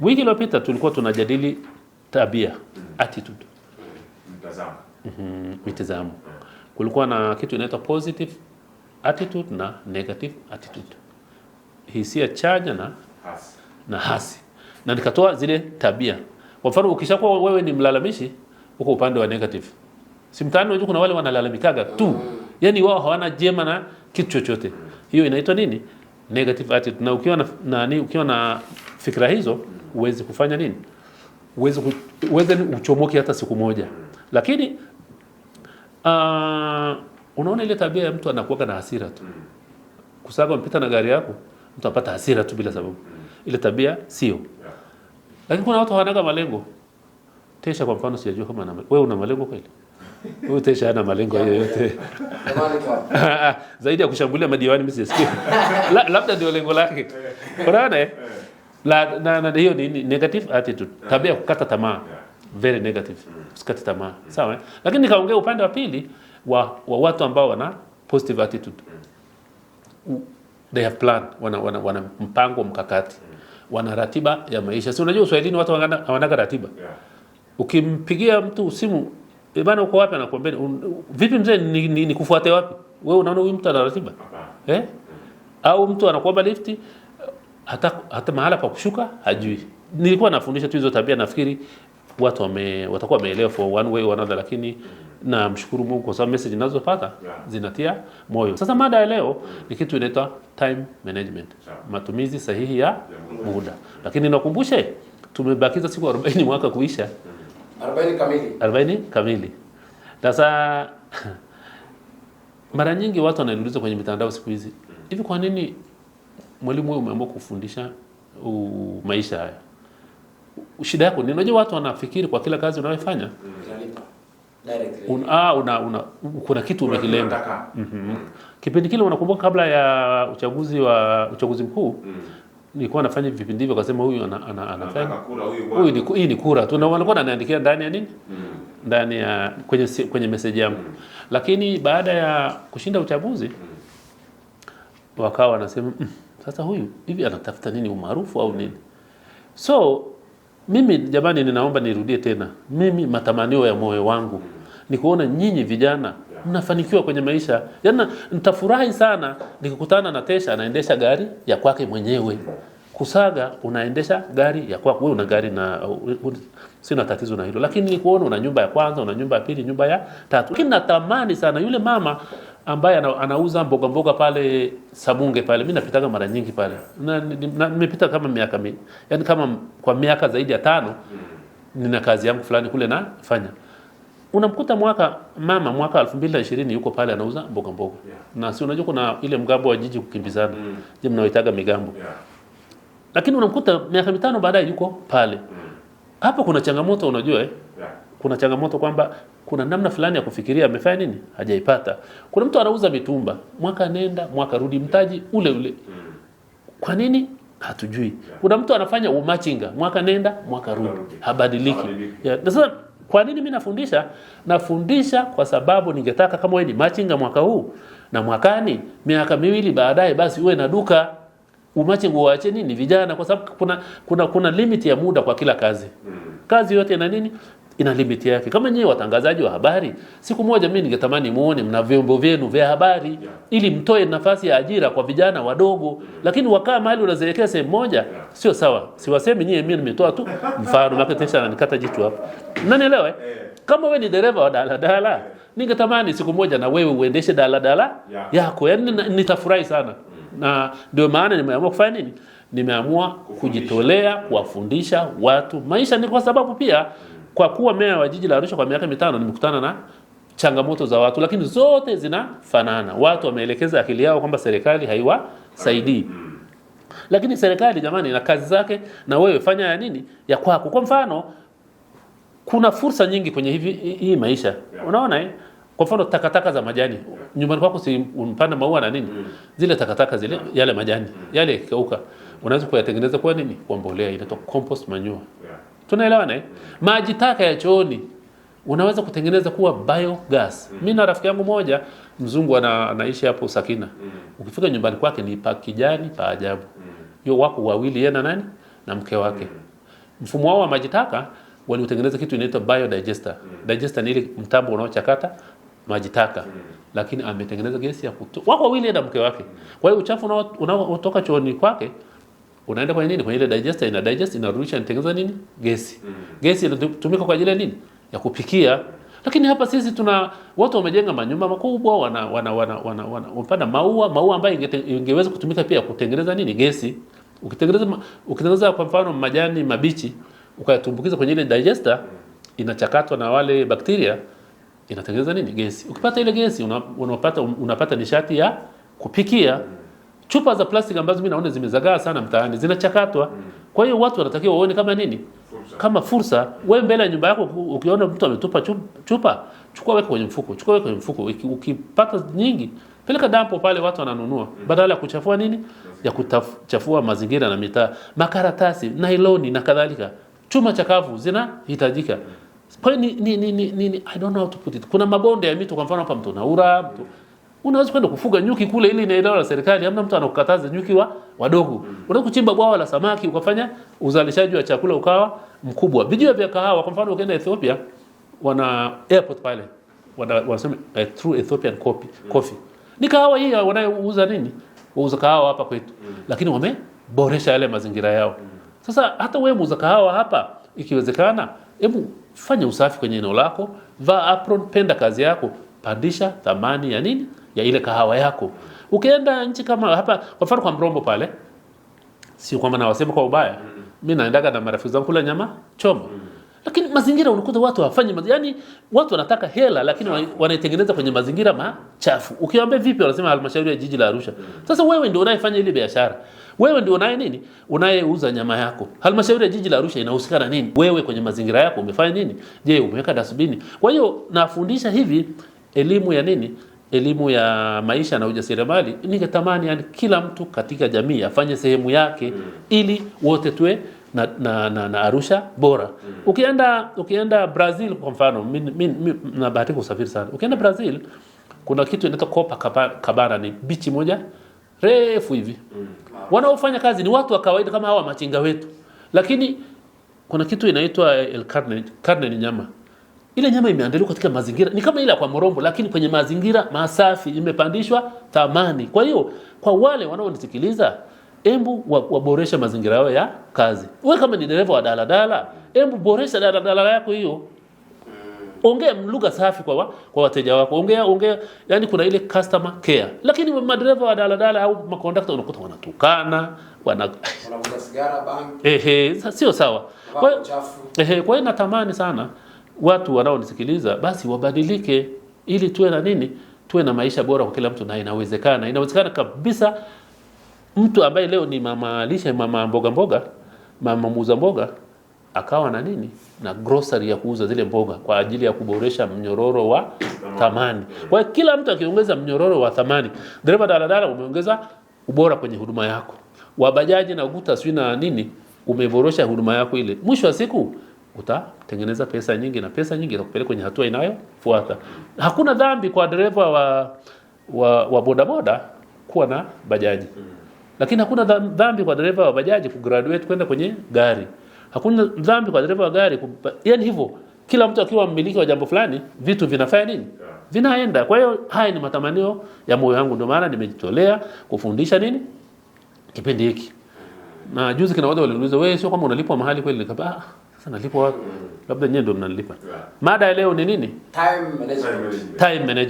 Wiki iliyopita tulikuwa tunajadili tabia, attitude, mtazamo. Mm-hmm, mitazamo. Kulikuwa na kitu inaitwa positive attitude na negative attitude, hisia chanya na hasi, na hasi, na nikatoa zile tabia. Kwa mfano, ukishakuwa wewe ni mlalamishi, uko upande wa negative. Simtani, unajua kuna wale wanalalamikaga tu, yani wao hawana jema na kitu chochote. Hiyo inaitwa nini? Negative attitude. Na ukiwa na nani, ukiwa na fikra hizo uwezi kufanya nini, uwezi uweze uchomoke hata siku moja. Lakini uh, unaona ile tabia ya mtu anakuwa na hasira tu, kusaga mpita na gari yako, mtu apata hasira tu bila sababu. Ile tabia sio, lakini kuna watu hawanaga malengo. Tesha kwa mfano, sijajua kama wewe una malengo kweli. Huyu Tesha ana malengo yoyote zaidi ya kushambulia madiwani, mimi sijasikia labda ndio lengo lake. Unaona eh? eh la, na, na, hiyo ni negative attitude, yeah. tabia ya kukata tamaa, yeah. very negative, mm. usikate tamaa, mm. sawa eh? Lakini nikaongea upande wa pili wa, wa watu ambao wana positive attitude, mm. they have plan, wana, wana, wana mpango mkakati, mm. wana ratiba ya maisha. Si unajua Uswahilini watu hawanaga ratiba. yeah. Ukimpigia mtu simu e, bana uko wapi? Anakuambia vipi mzee, ni, ni, ni kufuate wapi? Wewe unaona huyu mtu ana ratiba eh? Mm. Au mtu anakuomba lifti hata, hata mahala pa kushuka hajui. Nilikuwa nafundisha tu hizo tabia, nafikiri watu wame, watakuwa wameelewa for one way or another, lakini namshukuru Mungu kwa sababu message ninazopata zinatia moyo. Sasa mada ya leo ni kitu inaitwa time management, matumizi sahihi ya muda. Lakini nakumbushe tumebakiza siku 40 mwaka kuisha, 40 mm-hmm. kamili, 40 kamili. Sasa mara nyingi watu wananiuliza kwenye mitandao siku hizi, mm. hivi kwa nini mwalimu wewe umeamua kufundisha maisha haya, shida yako ni unajua, watu wanafikiri kwa kila kazi unayofanya Un, ah, una, una, kuna kitu umekilenga. Mhm. mm -hmm. Kipindi kile unakumbuka, kabla ya uchaguzi wa uchaguzi mkuu mm. Nilikuwa nafanya vipindi hivyo, akasema huyu anafanya ana, ana huyu, ni, hii ni kura tu, na walikuwa ananiandikia ndani ya nini mm. ndani ya kwenye kwenye message yangu mm. Lakini baada ya kushinda uchaguzi mm. wakawa wanasema mm. Sasa huyu hivi anatafuta nini, umaarufu au nini? So mimi jamani, ninaomba nirudie tena, mimi matamanio ya moyo wangu ni kuona nyinyi vijana mnafanikiwa kwenye maisha. Yaani nitafurahi sana nikikutana na Tesha anaendesha gari ya kwake mwenyewe. Kusaga unaendesha gari ya kwako wewe, una gari na sina tatizo na hilo, lakini ni kuona una nyumba ya kwanza, una nyumba ya pili, nyumba ya tatu. Lakini natamani sana yule mama ambaye anauza mboga mboga pale Sabunge pale, mimi napitaga mara nyingi pale, nimepita kama miaka mi, yani kama kwa miaka zaidi ya tano mm. nina kazi yangu fulani kule nafanya. Unamkuta mwaka mama mwaka 2020 yuko pale anauza mboga mboga yeah. na si unajua kuna ile mgambo wa jiji kukimbizana mm. je, mnaoitaga migambo yeah. lakini unamkuta miaka mitano baadaye yuko pale mm. Hapo kuna changamoto unajua eh? yeah. kuna changamoto kwamba kuna namna fulani ya kufikiria amefanya nini hajaipata. Kuna mtu anauza mitumba, mwaka nenda mwaka rudi, mtaji ule ule. Kwa nini hatujui? Kuna mtu anafanya umachinga, mwaka nenda mwaka rudi, habadiliki. Na sasa kwa nini mimi nafundisha? Nafundisha kwa sababu ningetaka kama wewe ni machinga mwaka huu na mwakani miaka miwili baadaye, basi uwe na duka. Umachinga uache nini vijana, kwa sababu kuna kuna kuna limit ya muda kwa kila kazi. Hmm. Kazi yote ina nini? ina limiti yake. Kama nyewe watangazaji wa habari, siku moja mimi ningetamani muone mna vyombo vyenu vya habari ili mtoe nafasi ya ajira kwa vijana wadogo, lakini wakaa mahali unazelekea sehemu moja, sio sawa. Siwasemi nyie, mimi nimetoa tu mfano maketesha na nikata jitu hapa, nanielewa. Eh? Kama wewe ni dereva wa daladala, ningetamani siku moja na wewe uendeshe daladala yako, yani, nitafurahi sana, na ndio maana nimeamua kufanya nini, nimeamua kujitolea kuwafundisha watu maisha, ni kwa sababu pia kwa kuwa meya wa jiji la Arusha kwa miaka mitano, nimekutana na changamoto za watu, lakini zote zinafanana. Watu wameelekeza akili yao kwamba serikali haiwasaidii, lakini serikali jamani, ina kazi zake, na wewe fanya ya nini ya kwako. Kwa mfano, kuna fursa nyingi kwenye hivi hii maisha, unaona eh? Kwa mfano takataka za majani nyumbani kwako, si unapanda maua na nini, zile takataka zile, yale majani yale kauka, unaweza kuyatengeneza kwa nini? Kwa mbolea, inaitwa compost manure. yeah. Tunaelewana eh? Maji taka ya chooni unaweza kutengeneza kuwa biogas. Mimi mm. na rafiki yangu moja mzungu anaishi hapo Sakina. Mm. Ukifika nyumbani kwake ni pa kijani pa ajabu. Hiyo mm. wako wawili yeye na nani na mke wake. Mfumo wao wa maji taka waliotengeneza kitu inaitwa biodigester. Digester ni ile mtambo unaochakata maji taka. Lakini ametengeneza gesi ya kuto. Wako wawili na mke wake. Kwa hiyo uchafu unaotoka chooni kwake unaenda kwenye nini, kwenye ile digester, ina digest, inarudisha, inatengeneza nini, gesi. Mm. Gesi inatumika kwa ajili ya nini, ya kupikia. Lakini hapa sisi tuna watu wamejenga manyumba makubwa, wana wana wana, wana, wana wamepanda maua maua ambayo ingeweza kutumika pia kutengeneza nini, gesi. Ukitengeneza ukitengeneza kwa mfano majani mabichi ukayatumbukiza kwenye ile digester, mm. inachakatwa na wale bakteria inatengeneza nini, gesi. Ukipata ile gesi unapata unapata nishati ya kupikia. Mm. Chupa za plastiki ambazo mimi naona zimezagaa sana mtaani zinachakatwa. Kwa hiyo watu wanatakiwa waone kama nini? Fursa. Kama fursa. Wewe mbele ya nyumba yako ukiona mtu ametupa chupa, chukua weka kwenye mfuko, chukua weka kwenye mfuko. Ukipata nyingi, peleka dampo pale watu wananunua. Mm. Badala ya kuchafua nini? Ya kuchafua mazingira na mitaa. Makaratasi, nailoni na kadhalika. Chuma chakavu zinahitajika. Mm. Kwa hiyo ni, ni, ni, ni, I don't know how to put it. Kuna mabonde ya mito kwa mfano hapa mto Naura, mto mm unaweza kwenda kufuga nyuki kule, ili inaelewa la serikali, hamna mtu anakukataza nyuki wa wadogo. Unaweza kuchimba bwawa la samaki ukafanya uzalishaji wa chakula ukawa mkubwa. Vijiwe vya kahawa kwa mfano, ukienda Ethiopia wana airport pale wana wanasema uh, true Ethiopian coffee coffee ni kahawa hii wanayouza nini, wauza kahawa hapa kwetu, lakini wameboresha yale mazingira yao. Sasa hata wewe muuza kahawa hapa, ikiwezekana, hebu fanya usafi kwenye eneo lako, vaa apron, penda kazi yako, pandisha thamani ya nini ya ile kahawa yako. Ukienda nchi kama hapa, kwa mfano kwa Mrombo pale, sio kwamba nawasema kwa ubaya, mimi naendaga na marafiki zangu kula nyama choma lakini mazingira unakuta watu hawafanyi, yani watu wanataka hela lakini wanaitengeneza kwenye mazingira machafu. Ukiwaambia vipi, wanasema halmashauri ya jiji la Arusha. Sasa wewe ndio unayefanya ile biashara, wewe ndio unaye nini, unayeuza nyama yako. Halmashauri ya jiji la Arusha inahusika na nini? Wewe kwenye mazingira yako umefanya nini? Je, umeweka dasbini? Kwa hiyo nafundisha hivi elimu ya nini elimu ya maisha na ujasiriamali, ningetamani yani kila mtu katika jamii afanye sehemu yake mm. ili wote tuwe na, na, na, na Arusha bora mm. ukienda ukienda Brazil kwa mfano, mimi nabahatika kusafiri sana. Ukienda Brazil kuna kitu inaitwa Copacabana, ni bichi moja refu hivi mm. wanaofanya kazi ni watu wa kawaida kama hawa machinga wetu, lakini kuna kitu inaitwa El Carne, carne ni nyama ile nyama imeandaliwa katika mazingira ni kama ile kwa Morombo, lakini kwenye mazingira masafi, imepandishwa thamani. Kwa hiyo kwa wale wanaonisikiliza, embu waboreshe mazingira yao ya kazi. Wewe kama ni dereva wa daladala, embu boresha daladala yako hiyo ongea lugha safi kwa, wa, kwa wateja wako. Ongea ongea, yani kuna ile customer care. Lakini madereva wa daladala au makondakta unakuta wanatukana, wana sigara ehe, sio sawa. kwa hiyo natamani sana watu wanaonisikiliza basi wabadilike, ili tuwe na nini, tuwe na maisha bora kwa kila mtu, na inawezekana, inawezekana kabisa. Mtu ambaye leo ni mama lishe, mama mboga mboga, mama muuza mboga akawa na nini na grocery ya kuuza zile mboga kwa ajili ya kuboresha mnyororo wa thamani. Kwa hiyo kila mtu akiongeza mnyororo wa thamani, dereva daladala, umeongeza ubora kwenye huduma yako, wabajaji na guta sijui na nini, umeboresha huduma yako ile, mwisho wa siku utatengeneza pesa nyingi na pesa nyingi itakupeleka kwenye hatua inayofuata. Hakuna dhambi kwa dereva wa, wa, wa bodaboda kuwa na bajaji, lakini hakuna dhambi kwa dereva wa bajaji kugraduate kwenda kwenye gari. Hakuna dhambi kwa dereva wa gari ku... yani hivyo, kila mtu akiwa mmiliki wa jambo fulani vitu vinafanya nini? Vinaenda. Kwa hiyo haya ni matamanio ya moyo wangu, ndio maana nimejitolea kufundisha nini kipindi hiki. Na juzi kina watu waliuliza, wewe sio kama unalipwa mahali kweli? Nikapa ah, sasa nalipwa wapi? Mm. Labda nyewe ndio mnanilipa. Mada ya leo ni nini? Time management. Time management.